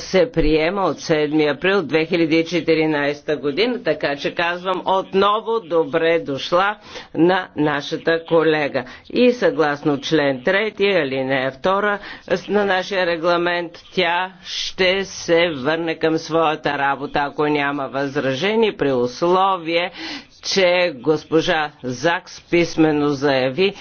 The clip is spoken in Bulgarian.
се приема от 7 април 2014 година, така че казвам отново добре дошла на нашата колега. И съгласно член 3, алинея 2 на нашия регламент, тя ще се върне към своята работа, ако няма възражение при условие, че госпожа Закс писменно заяви,